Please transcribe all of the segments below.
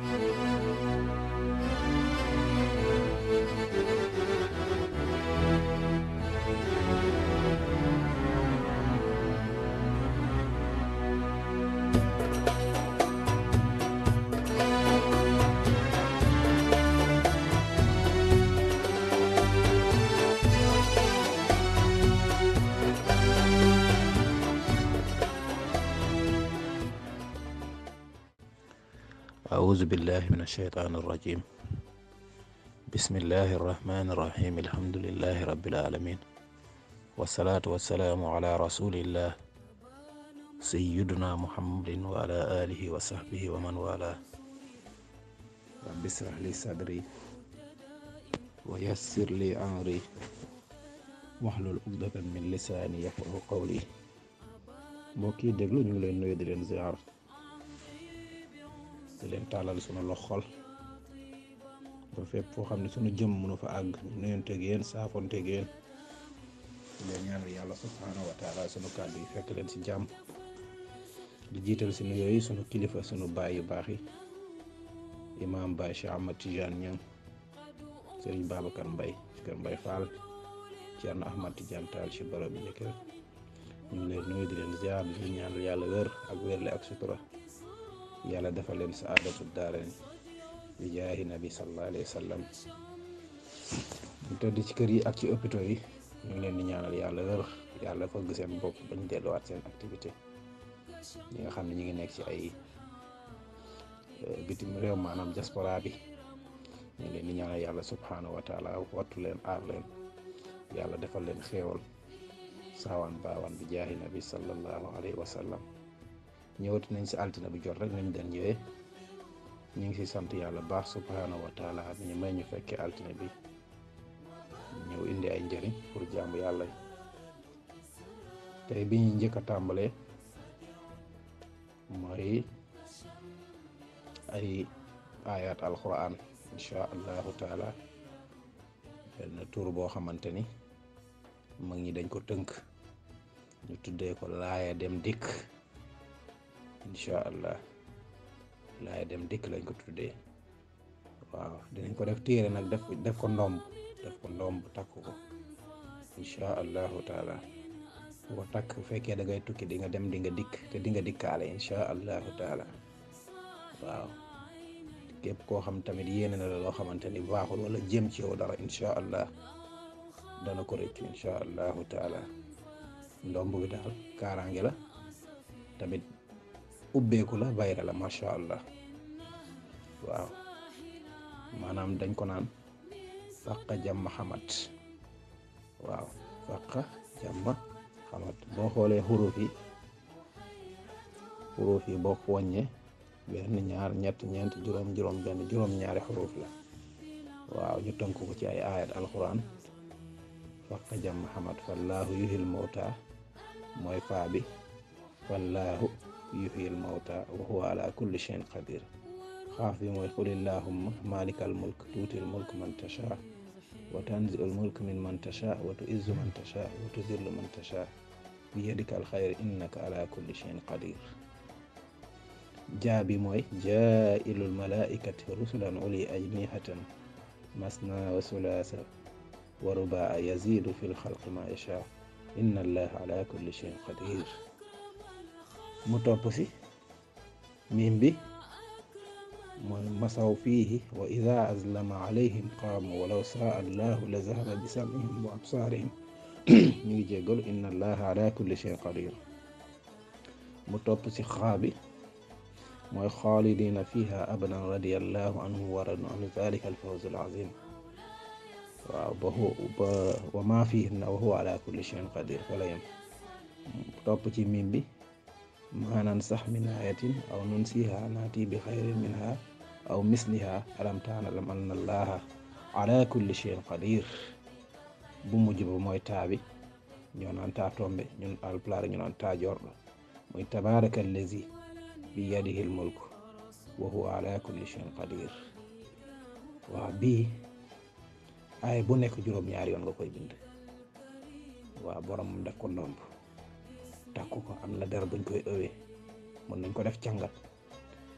Thank you. أعوذ بالله من الشيطان الرجيم بسم الله الرحمن الرحيم الحمد لله رب العالمين والصلاة والسلام على رسول الله سيدنا محمد وعلى آله وصحبه ومن والاه رب اشرح لي صدري ويسر لي أمري واحلل عقدة من لساني يفقه قولي mbokk دغلو نيو لين نوي دي لين di leen tàllal sunu loxol ba fépp foo xam ne sunu jëm mënu fa àgg nuyonteeg yéen saafonteeg yéen leen ñaanal yàlla subhaanahu wa sunu kàddu yi fekk leen si jàmm di jiital si nuyoo yi sunu kilifa sunu baay yu baax yi imaam Baye Cheikh Ahmad Tidiane Niang sëriñ Babacar Mbaye Kër Mbaye Fall Thierno Ahmad Tidiane Tall si barab bi ñu ngi leen nuyu leen ziar leen ñaanal yàlla wér ak wérle ak sutura. yàlla dafa leen saadatu daaren bi jaahi nabi sallallahu alayhi wa sallam ñu tëdd ci kër yi ak ci hôpitaux yi ñu ngi leen di ñaanal yàlla wér yàlla fëgg seen bopp bañ delluwaat seen activité ñi nga xam ne ñu ngi nekk ci ay eh, bitim réew maanaam diaspora bi ñu leen di ñaanal yàlla subhanahu wa taala wattu leen aar leen yàlla defal leen xéewal saawaan baawaan bi jaahi nabi sallallahu alayhi wa ñëwati nañ ci altina bu jot rek nañ dañ ñëwee ñu ngi ci sant yalla baax subhanahu wa taala bi ñu may ñu fekkee altina bi ñëw indi ay pour jaamu yalla tay bi ñu jëk moy ay ayat alquran insha allah taala ben tour bo xamanteni mag ñi dañ ko teunk ñu tuddé ko laaya dem dik. incha allah laay dem dikk lañ ko tuddee waaw dinañ ko def téere nag def def ko ndomb def ko ndomb takk ko incha allahu taala ko takk bu fekkee da ngay tukki di nga dem dinga dikk te di nga dikkaale incha taala waaw képp koo xam tamit yéene na la xamante ni baaxul wala jëm ci yow dara incha allah dana ko rëccu incha allahu taala ndomb bi daal kaaraange tamit. ubbeeku la bayra la macha allah waaw maanaam dañ ko naan faqa jàmm waaw faqa jàmm xamat boo xoolee xuruf yi xuruf yi boo ko wàññee benn ñeent juróom juróom benn waaw ñu tënk ko ci ayat alquran faqa jàmm xamat fallaahu yuhil mawta mooy faa bi يحيي الموتى وهو على كل شيء قدير خافهم ويقول اللهم مالك الملك تؤتي الملك من تشاء وتنزع الملك من من تشاء وتعز من تشاء وتذل من تشاء بيدك الخير انك على كل شيء قدير جابي موي جائل الملائكة رسلا علي أجنحة مثنى وثلاثة ورباع يزيد في الخلق ما يشاء إن الله على كل شيء قدير mu topp si miim bi mooy masaw fiihi wa ida azlama alayhim qaamu walaw saa allahu la zahaba bi samihim wa absaarihim ñu ngi jéggalu inna allaha ala kulli shay qadir mu topp si xaa bi mooy xaalidina fiha abadan radiallahu anhu wa radu an zalika alfawz alazim waaw ba ba wa ma fihinna wa huwa ala kulli shayin qadir fa la yem topp ci miim bi maanaan sax min ayatin aw nunsiha naati bi xayrin minha aw misliha alam ta'lam anna allaha ala kulli shay'in qadir bu mujj ba mooy taabi ñoo naan tombe ñun alpulaar ñu naan taa jorɗo mooy tabaraka bi yadihi al mulk wa huwa ala kulli shay'in qadir waaw bii aay bu nekk juróom-ñaari yoon nga koy bind waaw borom tàkku am na dara bañ koy ëwee mën nañ ko def càngat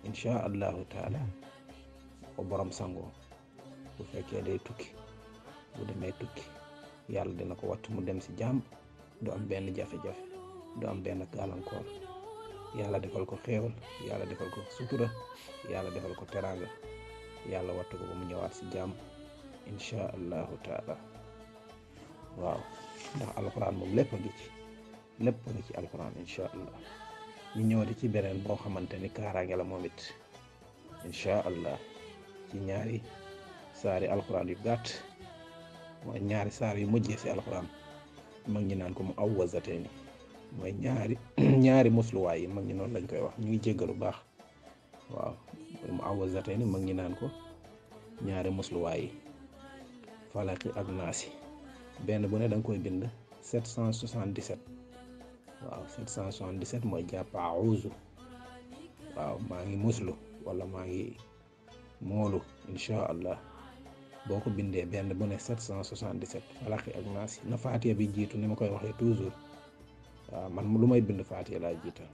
incha allahu taala ko borom sangoo bu fekkee day tukki bu demee tukki yàlla dina ko wattu mu dem si jàmm du am benn jafe-jafe du am benn gàllankoor yàlla defal ko xéewal yàlla defal ko sutura yàlla defal ko teraanga yàlla wattu ko ba mu ñëwaat si jàmm incha allahu taala waaw ndax alxuraan moom lépp a lépp ngi ci alxuraan incha allah ñu ñëwati ci beneen boo xamante ni kaaraange la moom it allah ci ñaari saari alxuraan yu gàtt mooy ñaari saar yu mujjee si alxuraan mag ñi naan ko mu aw wazatee mooy ñaari ñaari musluwaay yi mag ñi noonu lañ koy wax ñu ngi jéggalu baax waaw mu aw wazatee mag ñi naan ko ñaari musluwaay yi falaki ak naasi benn bu ne da koy bind 777. waaw 777 mooy jàpp auzu waaw maa ngi muslu wala maa ngi moolu incha allah boo ko bindee benn bu ne 777 falaqi ak naas na faatiya bi jiitu ni ma koy waxee toujours waaw man lu may bind faatiya laa jiital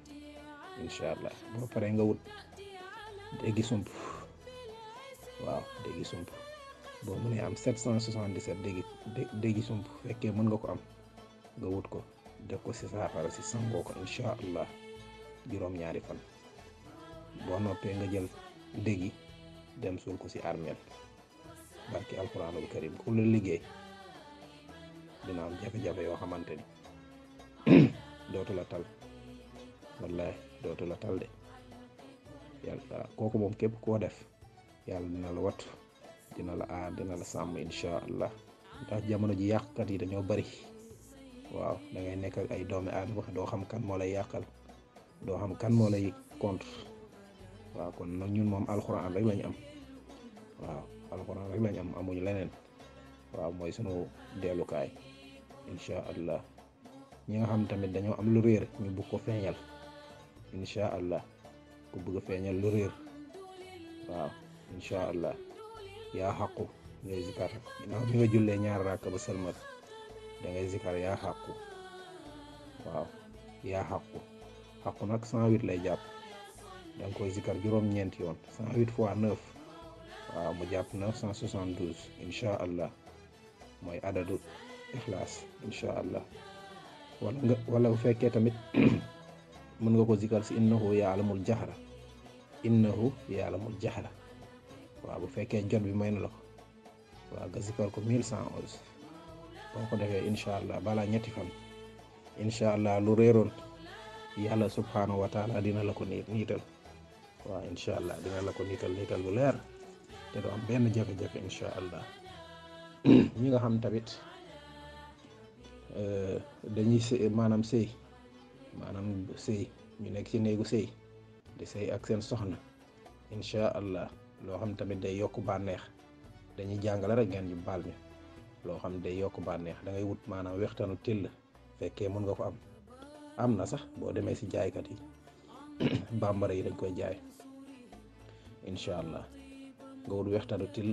incha allah boo paree nga wut déggi sump waaw déggi sump boo mënee am 777 déggi déggi sump fekkee mën nga ko am nga wut ko def ko si saafara si sangoo ko incha allah juróom-ñaari fan boo noppee nga jël dëggi dem suul ko si armeel barki alquranul karim ku la liggéey dina am jafe-jafe yoo xamante ni dootu la tal wallaay dootu la tal de yàlla kooku moom képp koo def yàlla dina la wat dina la aar dina la sàmm incha allah ndax jamono ji yàqkat yi dañoo bari waaw da ngay nekk ay doomi aadama doo xam kan moo lay yàqal doo xam kan moo lay contre waaw kon nag ñun moom alxuraan rek lañu am waaw alxuraan rek lañu am amuñu leneen waaw mooy sunu dellukaay incha allah ñi nga xam tamit dañoo am lu réer ñu bugg ko feeñal incha allah ku bëgg feeñal lu réer waaw incha allah yaa xaqu nga jullee ñaar rakk ba da ngay zikar yaa waaw yaa xàqu xàqu nag cent huit lay jàpp da nga koy zikar juróom-ñeenti yoon cent huit fois waaw mu jàpp neuf cent soixante douze mooy adadu ixlaas incha allah wala nga wala bu fekkee tamit mën nga ko zikar si innahu yaalamul jaxra innahu yaalamul jaxra waaw bu fekkee jot bi may na la ko waaw nga ko boo incha allah balaa ñetti fan incha allah lu réeroon yàlla subhanahu wa taala dina la ko niital waaw incha allah dina la ko niital niital bu leer te du am benn jafe-jafe incha allah ñi nga xam tamit euh, dañuy sëy maanaam sëy maanaam sëy ñu nekk si néegu sey di sey ak seen soxna incha allah loo xam tamit day yokk bànneex dañuy jàngale rek ngeen ñu baal mi loo xam day yokk bànneex da ngay wut maanaam wextanu till fekkee mën nga ko am am na sax boo demee si jaaykat yi bambara yi dañ koy jaay incha allah nga wut wextanu till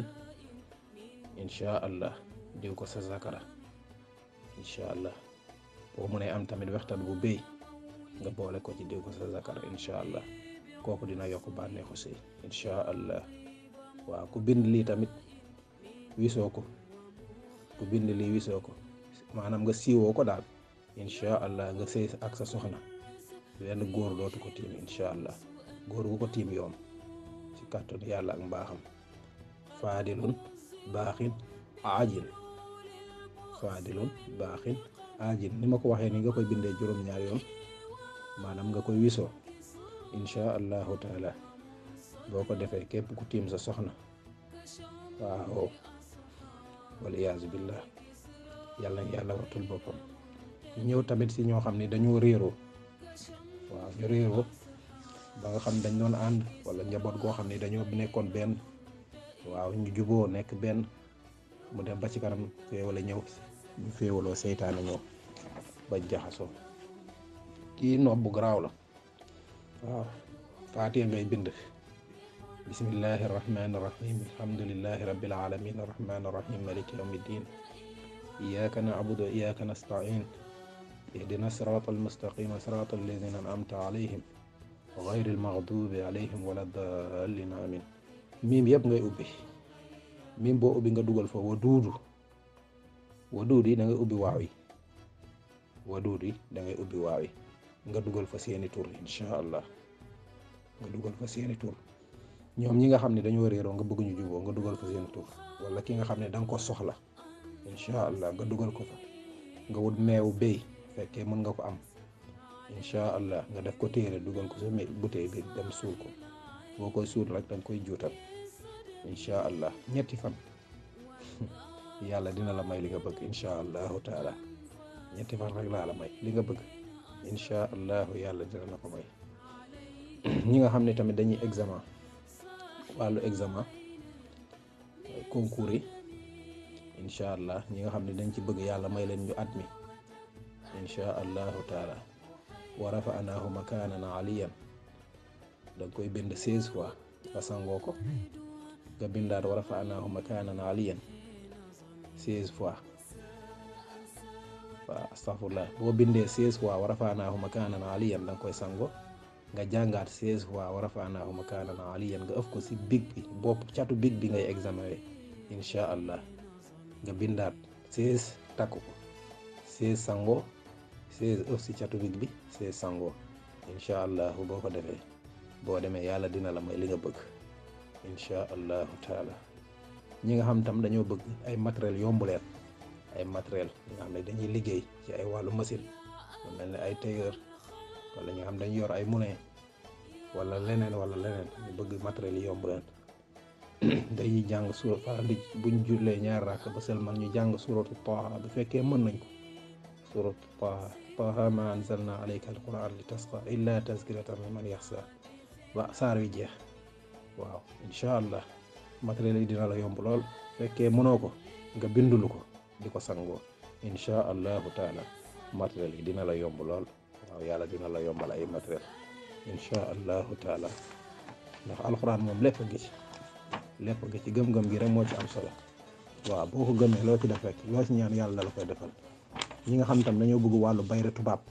incha allah diw ko sa zakara incha allah boo mënee am tamit wextan bu béy nga boole ko ci diw ko sa zakara incha allah kooku dina yokk bànneexu sëy incha allah waaw ku bind lii tamit wisoo ko ku bind li wisoo ko maanaam nga siiwoo ko daal incha allah nga sëy ak sa soxna benn góor dootu ko tiim incha allah góor gu ko tiim yoom ci kàttan yàlla ak mbaaxam faadilun baaxin aajin faadilun baaxin aajin ni ma ko waxee ni nga koy bindee juróom-ñaar yoon maanaam nga koy wisoo incha allahu taala boo ko defee képp ku tiim sa soxna waaw wal iyaazu billah yàlla yàlla wattul boppam ñëw tamit si ñoo xam ne dañoo réeroo waaw ñu réeroo ba nga xam dañ doon ànd wala njaboot goo xam ne dañoo nekkoon benn waaw ñu juboo nekk benn mu dem ba ci kanam féewale ñëw ñu féewaloo seytaane ñëw bañ jaxasoo kii nopp bu garaaw la waaw faatee ngay bind بسم الله الرحمن الرحيم الحمد لله رب العالمين الرحمن الرحيم ملك يوم الدين إياك نعبد وإياك نستعين اهدنا الصراط المستقيم صراط الذين أنعمت عليهم غير المغضوب عليهم ولا الضالين آمين ميم يب ngay ubbi mim bo ubbi nga dugal fa wadudu wadudu da ngay ubbi waawi wadudu da ngay ubbi تور إن شاء الله seeni tur insha Allah ñoom ñi nga xam ne dañoo réeroo nga bëgg ñu juboo nga dugal ko seen tur wala ki nga xam ne da ko soxla incha allah nga dugal ko fa nga wut meewu béy fekkee mën nga ko am incha allah nga def ko téere dugal ko sa bouteille bi dem suul ko boo koy suul rek da koy juutal incha allah ñetti fan yàlla dina la may li nga bëgg incha allahu taala ñetti fan rek laa la may li nga bëgg incha allahu yàlla dina la ko may ñi nga xam ne tamit dañuy examen. wàllu examen concours yi allah ñi nga xam ne dañ ci bëgg yàlla may leen ñu at mi incha allahu taala wa rafaanaahu makaanan aliyan da koy bind seize fois nga sangoo ko nga bindaat wa rafaanaahu makaanan aliyan seize fois waaw boo bindee seize fois wa rafaanaahu makaanan aliyan da koy sango nga jàngaat 16 fois wa rafaanaahu makaanan aliyan nga ëf ko si big bi bopp catu big bi ngay examiné incha allah nga bindaat 16 takku ko 16 sango 16 ëf si catu big bi 16 sango incha allah boo ko defee boo demee yàlla dina la may li nga bëgg incha allahu taala ñi nga xam tam dañoo bëgg ay matériel yomb leen ay matériel nga xam ne dañuy liggéey ci ay wàllu machine lu mel ne ay tailleur wala ñi nga xam dañu yor ay moulin wala leneen wala leneen ñu bëgg matériel yomb leen dañuy jàng sura fa di buñ jullee ñaar rak ba sel man ñu jàng suratu taha bu fekkee mën nañ ko suratu taha taha ma anzalna alayka alquran li illa tazkiratan liman yakhsha wa sar wi jeex waaw insha allah matériel yi dina la yomb lool fekkee mënoo ko nga bindulu ko di ko sangoo insha allahu taala matériel yi dina la yomb lool waaw yàlla dina la yombal ay matériel incha allahu taala ndax alxuraan moom lépp ngi ci lépp ngi ci gëm-gëm gi rek moo ci am solo waaw boo ko gëmee loo ci def rek loo ci ñaan yàlla la koy defal ñi nga xam tam dañoo bëgg wàllu bayre tubaab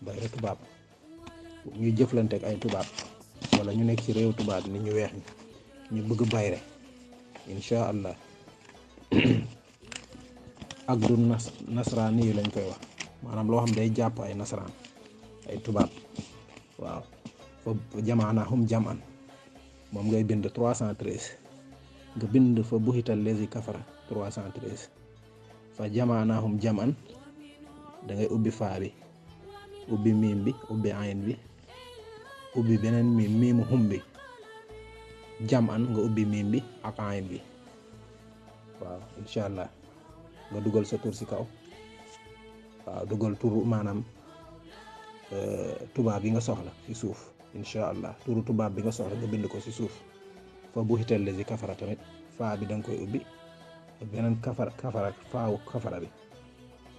bayre tubaab ñuy jëflanteek ay tubaab wala ñu nekk ci réew tubaab nit ñu weex ñi ñu bëgg bayre incha allah ak du nasraani yi lañ koy wax manam lo xam day japp ay nasaraan ay tubab waaw fa hum jaman mom ngay bind 313 nga bind fa buxital lesi kafara 313 fa hum jaman da ngay ubi fa bi ubi mim bi ubi ayn bi ubi benen mim mim hum bi jaman nga ubi mim bi ak ayn bi waaw inshallah nga duggal sa tour ci kaw waaw dugal turu maanaam euh, tubaab yi nga soxla ci suuf incha allah turu tubaab bi nga soxla nga bind ko ci suuf fa bu hital lesi kafara tamit faa bi danga koy ubbi beneen kafara kafara faawu kafara bi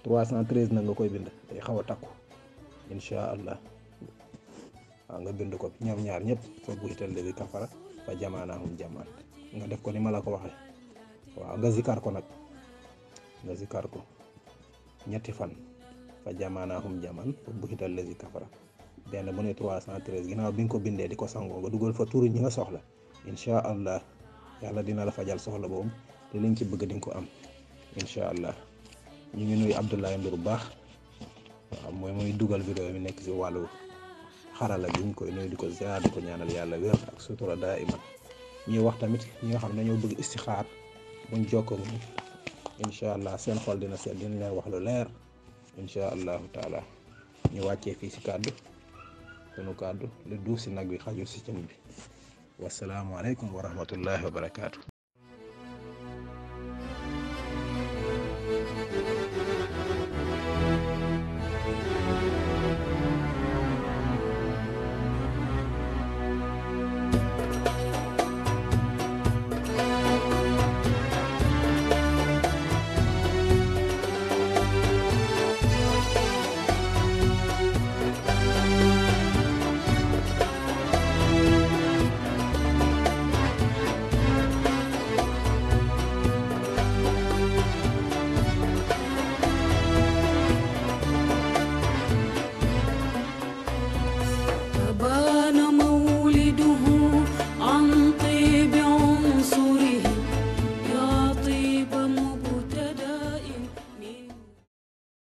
313 na nga koy bind day xaw a takku incha allah waaw nga bind ko ñoom ñaar ñëpp fa bu hital lesi kafara fa jamaanaahum jamaan nga def ko ni ma ko waxee waaw nga zikar ko nag nga zikar ko ñetti fan fa jamanahum jaman pour buhita allazi kafara ben mo ne 313 ginaaw biñ ko bindé di sango sangoo dugol fa turu ñinga soxla insha allah yalla dina la fajal soxla bo te liñ ci bëgg diñ ko am insha allah ñu ngi nuy abdullah ndur bax moy moy dugal vidéo mi nekk si xarala bi koy nuy di ko ziar diko ko ñaanal yalla wër ak sutura daima ñi wax tamit ñi nga xam ne bëgg istixaar buñ jokkoo insha allah seen xol dina seen dina ler. wax lu leer incha allahu taala ñu wàccee fii si kàddu sunu kàddu lu duuf si nag bi xajul si cin bi wasalaamualeykum wa rahmatullahi wa barakaatu.